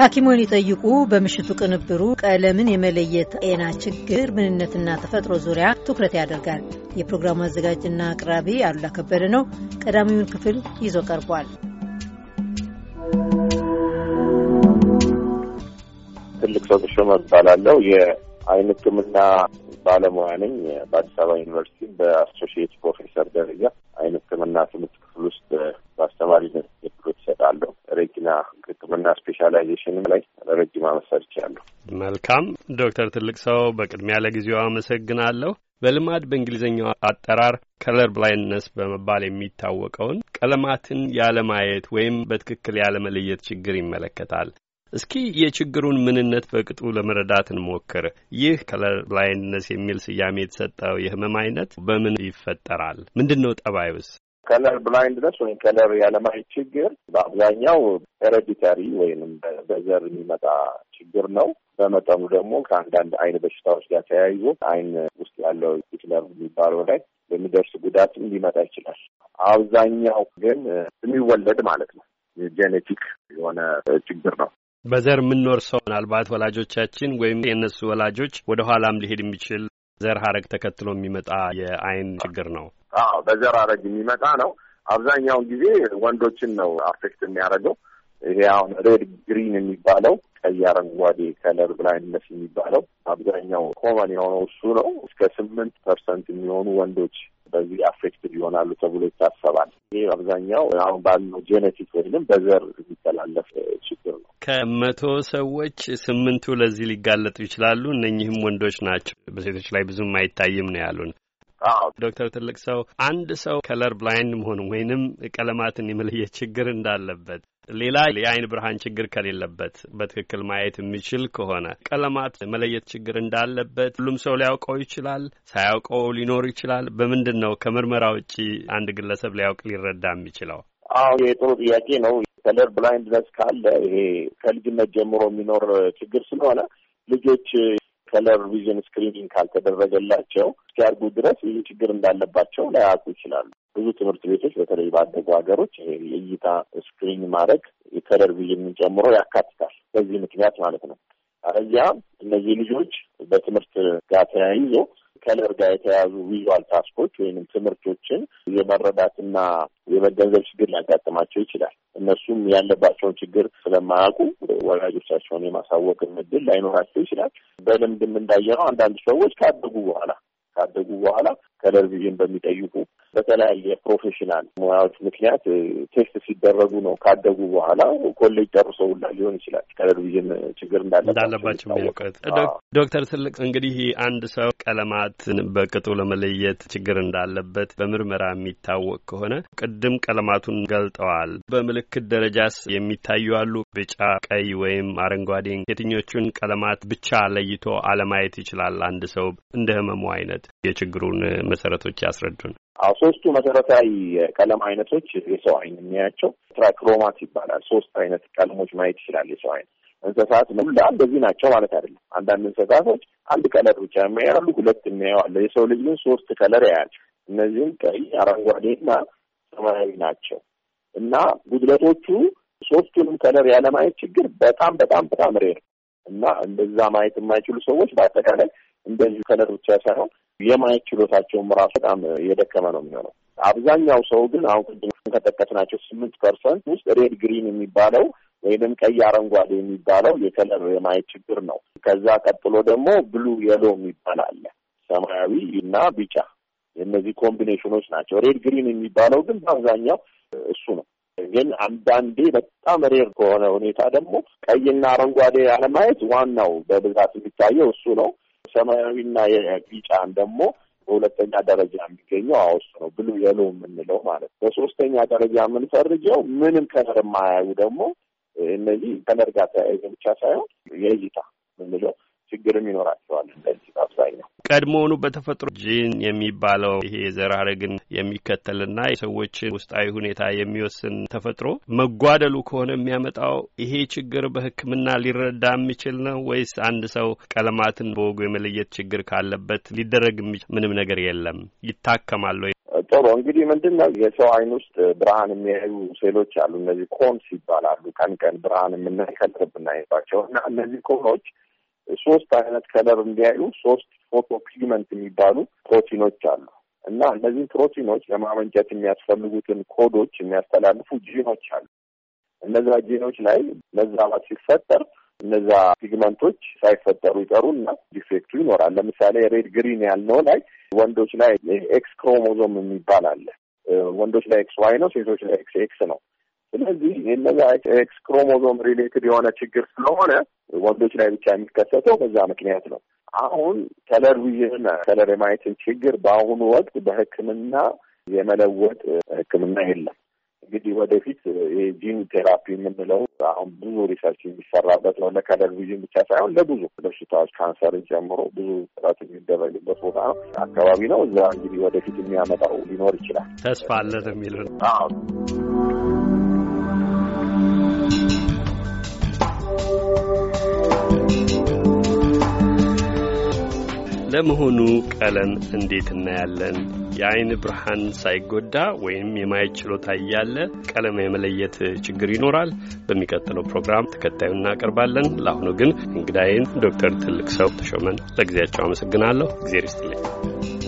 ሐኪሙን ይጠይቁ በምሽቱ ቅንብሩ ቀለምን የመለየት ጤና ችግር ምንነትና ተፈጥሮ ዙሪያ ትኩረት ያደርጋል። የፕሮግራሙ አዘጋጅና አቅራቢ አሉላ ከበደ ነው። ቀዳሚውን ክፍል ይዞ ቀርቧል። ትልቅ ሰው ተሾመ እባላለሁ። አይን ሕክምና ባለሙያ ነኝ። በአዲስ አበባ ዩኒቨርሲቲ በአሶሺየት ፕሮፌሰር ደረጃ አይን ሕክምና ትምህርት ክፍል ውስጥ በአስተማሪነት አገልግሎት ይሰጣለሁ። ሬቲና ሕክምና ስፔሻላይዜሽን ላይ ለረጅም ዓመት ሰርቻለሁ። መልካም ዶክተር ትልቅ ሰው በቅድሚያ ለጊዜው አመሰግናለሁ። በልማድ በእንግሊዝኛው አጠራር ከለር ብላይንድነስ በመባል የሚታወቀውን ቀለማትን ያለማየት ወይም በትክክል ያለመለየት ችግር ይመለከታል። እስኪ የችግሩን ምንነት በቅጡ ለመረዳት እንሞክር። ይህ ከለር ብላይንድነስ የሚል ስያሜ የተሰጠው የህመም አይነት በምን ይፈጠራል? ምንድን ነው ጠባዩስ? ከለር ብላይንድነስ ወይም ከለር ያለማየት ችግር በአብዛኛው ሄሬዲተሪ ወይም በዘር የሚመጣ ችግር ነው። በመጠኑ ደግሞ ከአንዳንድ አይን በሽታዎች ጋር ተያይዞ አይን ውስጥ ያለው ሂትለር የሚባለው ላይ የሚደርስ ጉዳትም ሊመጣ ይችላል። አብዛኛው ግን የሚወለድ ማለት ነው ጄኔቲክ የሆነ ችግር ነው። በዘር የምንኖር ሰው ምናልባት ወላጆቻችን ወይም የእነሱ ወላጆች ወደ ኋላም ሊሄድ የሚችል ዘር ሀረግ ተከትሎ የሚመጣ የአይን ችግር ነው። አዎ በዘር ሀረግ የሚመጣ ነው። አብዛኛውን ጊዜ ወንዶችን ነው አፌክት የሚያደርገው። ይሄ አሁን ሬድ ግሪን የሚባለው ቀይ አረንጓዴ ከለር ብላይንድነስ የሚባለው አብዛኛው ኮመን የሆነው እሱ ነው። እስከ ስምንት ፐርሰንት የሚሆኑ ወንዶች በዚህ አፌክትድ ይሆናሉ ተብሎ ይታሰባል። ይህ አብዛኛው አሁን ባለው ጄኔቲክ ወይንም በዘር የሚተላለፍ ችግር ነው። ከመቶ ሰዎች ስምንቱ ለዚህ ሊጋለጡ ይችላሉ። እነኚህም ወንዶች ናቸው። በሴቶች ላይ ብዙም አይታይም ነው ያሉን ዶክተር ትልቅ ሰው አንድ ሰው ከለር ብላይንድ መሆን ወይንም ቀለማትን የመለየት ችግር እንዳለበት ሌላ የአይን ብርሃን ችግር ከሌለበት በትክክል ማየት የሚችል ከሆነ ቀለማት መለየት ችግር እንዳለበት ሁሉም ሰው ሊያውቀው ይችላል፣ ሳያውቀው ሊኖር ይችላል። በምንድን ነው ከምርመራ ውጪ አንድ ግለሰብ ሊያውቅ ሊረዳ የሚችለው? አዎ የጥሩ ጥያቄ ነው። ከለር ብላይንድነስ ካለ ይሄ ከልጅነት ጀምሮ የሚኖር ችግር ስለሆነ ልጆች ከለር ቪዥን ስክሪኒንግ ካልተደረገላቸው እስኪያድጉ ድረስ ይህ ችግር እንዳለባቸው ላያውቁ ይችላሉ። ብዙ ትምህርት ቤቶች በተለይ ባደጉ ሀገሮች ይሄ የእይታ ስክሪን ማድረግ የከለር ቪዥንን ጨምሮ ያካትታል። በዚህ ምክንያት ማለት ነው። አለዚያ እነዚህ ልጆች በትምህርት ጋር ተያይዞ ከከለር ጋር የተያዙ ቪዥዋል ታስኮች ወይም ትምህርቶችን የመረዳትና የመገንዘብ ችግር ሊያጋጥማቸው ይችላል። እነሱም ያለባቸውን ችግር ስለማያውቁ ወላጆቻቸውን የማሳወቅ እድል ላይኖራቸው ይችላል። በልምድም እንዳየነው አንዳንድ ሰዎች ካደጉ በኋላ ካደጉ በኋላ ከለርቪዥን በሚጠይቁ በተለያየ ፕሮፌሽናል ሙያዎች ምክንያት ቴስት ሲደረጉ ነው ካደጉ በኋላ ኮሌጅ ጨርሶ ሁላ ሊሆን ይችላል ከለርቪዥን ችግር እንዳለባቸው የሚያውቁት። ዶክተር ትልቅ እንግዲህ አንድ ሰው ቀለማትን በቅጡ ለመለየት ችግር እንዳለበት በምርመራ የሚታወቅ ከሆነ ቅድም ቀለማቱን ገልጠዋል። በምልክት ደረጃስ የሚታዩ አሉ። ቢጫ፣ ቀይ ወይም አረንጓዴ የትኞቹን ቀለማት ብቻ ለይቶ አለማየት ይችላል? አንድ ሰው እንደ ህመሙ አይነት የችግሩን መሰረቶች ያስረዱን። ሶስቱ መሰረታዊ የቀለም አይነቶች የሰው አይን የሚያያቸው ትራክሮማት ይባላል። ሶስት አይነት ቀለሞች ማየት ይችላል የሰው አይን። እንስሳት ለምላ እንደዚህ ናቸው ማለት አይደለም። አንዳንድ እንስሳቶች አንድ ቀለር ብቻ የሚያያሉ፣ ሁለት የሚያየዋለ። የሰው ልጅ ግን ሶስት ከለር ያያል። እነዚህም ቀይ፣ አረንጓዴና ሰማያዊ ናቸው እና ጉድለቶቹ ሶስቱንም ከለር ያለማየት ችግር በጣም በጣም በጣም ሬር እና እንደዛ ማየት የማይችሉ ሰዎች በአጠቃላይ እንደዚሁ ከለር ብቻ ሳይሆን የማየት ችሎታቸውም ራሱ በጣም የደከመ ነው የሚሆነው። አብዛኛው ሰው ግን አሁን ቅድም ከጠቀስናቸው ስምንት ፐርሰንት ውስጥ ሬድ ግሪን የሚባለው ወይም ቀይ አረንጓዴ የሚባለው የከለር የማየት ችግር ነው። ከዛ ቀጥሎ ደግሞ ብሉ የሎ የሚባል አለ፣ ሰማያዊ እና ቢጫ። እነዚህ ኮምቢኔሽኖች ናቸው። ሬድ ግሪን የሚባለው ግን በአብዛኛው እሱ ነው። ግን አንዳንዴ በጣም ሬር ከሆነ ሁኔታ ደግሞ ቀይና አረንጓዴ አለማየት ዋናው በብዛት የሚታየው እሱ ነው። ሰማያዊና የቢጫን ደግሞ በሁለተኛ ደረጃ የሚገኘው አውስ ነው፣ ብሉ የሎ የምንለው ማለት ነው። በሶስተኛ ደረጃ የምንፈርጀው ምንም ከለር የማያዩ ደግሞ እነዚህ ከለር ጋር ተያይዘ ብቻ ሳይሆን የእይታ የምንለው ችግርም ይኖራቸዋል። እንደዚህ በአብዛኛው ቀድሞውኑ በተፈጥሮ ጂን የሚባለው ይሄ የዘር ሐረግን የሚከተልና የሰዎችን ውስጣዊ ሁኔታ የሚወስን ተፈጥሮ መጓደሉ ከሆነ የሚያመጣው ይሄ ችግር በሕክምና ሊረዳ የሚችል ነው ወይስ አንድ ሰው ቀለማትን በወጉ የመለየት ችግር ካለበት ሊደረግ ምንም ነገር የለም? ይታከማል ወይ? ጥሩ እንግዲህ ምንድን ነው የሰው አይን ውስጥ ብርሃን የሚያዩ ሴሎች አሉ። እነዚህ ኮንስ ይባላሉ። ቀን ቀን ብርሃን የምናይ ከልብ እናይባቸው እና እነዚህ ኮኖች ሶስት አይነት ከለር እንዲያዩ ሶስት ፎቶ ፒግመንት የሚባሉ ፕሮቲኖች አሉ እና እነዚህን ፕሮቲኖች ለማመንጨት የሚያስፈልጉትን ኮዶች የሚያስተላልፉ ጂኖች አሉ። እነዛ ጂኖች ላይ መዛባት ሲፈጠር እነዛ ፒግመንቶች ሳይፈጠሩ እና ዲፌክቱ ይኖራል። ለምሳሌ ሬድ ግሪን ያልነው ላይ ወንዶች ላይ ኤክስ ክሮሞዞም የሚባል አለ። ወንዶች ላይ ኤክስ ዋይ ነው፣ ሴቶች ላይ ኤክስ ኤክስ ነው። ስለዚህ እነዛ ኤክስ ክሮሞዞም ሪሌትድ የሆነ ችግር ስለሆነ ወንዶች ላይ ብቻ የሚከሰተው በዛ ምክንያት ነው። አሁን ከለር ቪዥን ከለር የማየትን ችግር በአሁኑ ወቅት በሕክምና የመለወጥ ሕክምና የለም። እንግዲህ ወደፊት የጂን ቴራፒ የምንለው አሁን ብዙ ሪሰርች የሚሰራበት ነው። ለከለር ቪዥን ብቻ ሳይሆን ለብዙ በሽታዎች ካንሰርን ጨምሮ ብዙ ጥረት የሚደረግበት ቦታ ነው አካባቢ ነው። እዛ እንግዲህ ወደፊት የሚያመጣው ሊኖር ይችላል። ተስፋ አለን የሚል ነው። ለመሆኑ ቀለም እንዴት እናያለን? የአይን ብርሃን ሳይጎዳ ወይም የማየት ችሎታ እያለ ቀለም የመለየት ችግር ይኖራል? በሚቀጥለው ፕሮግራም ተከታዩን እናቀርባለን። ለአሁኑ ግን እንግዳዬን ዶክተር ትልቅ ሰው ተሾመን ለጊዜያቸው አመሰግናለሁ። እግዜር ይስጥልኝ።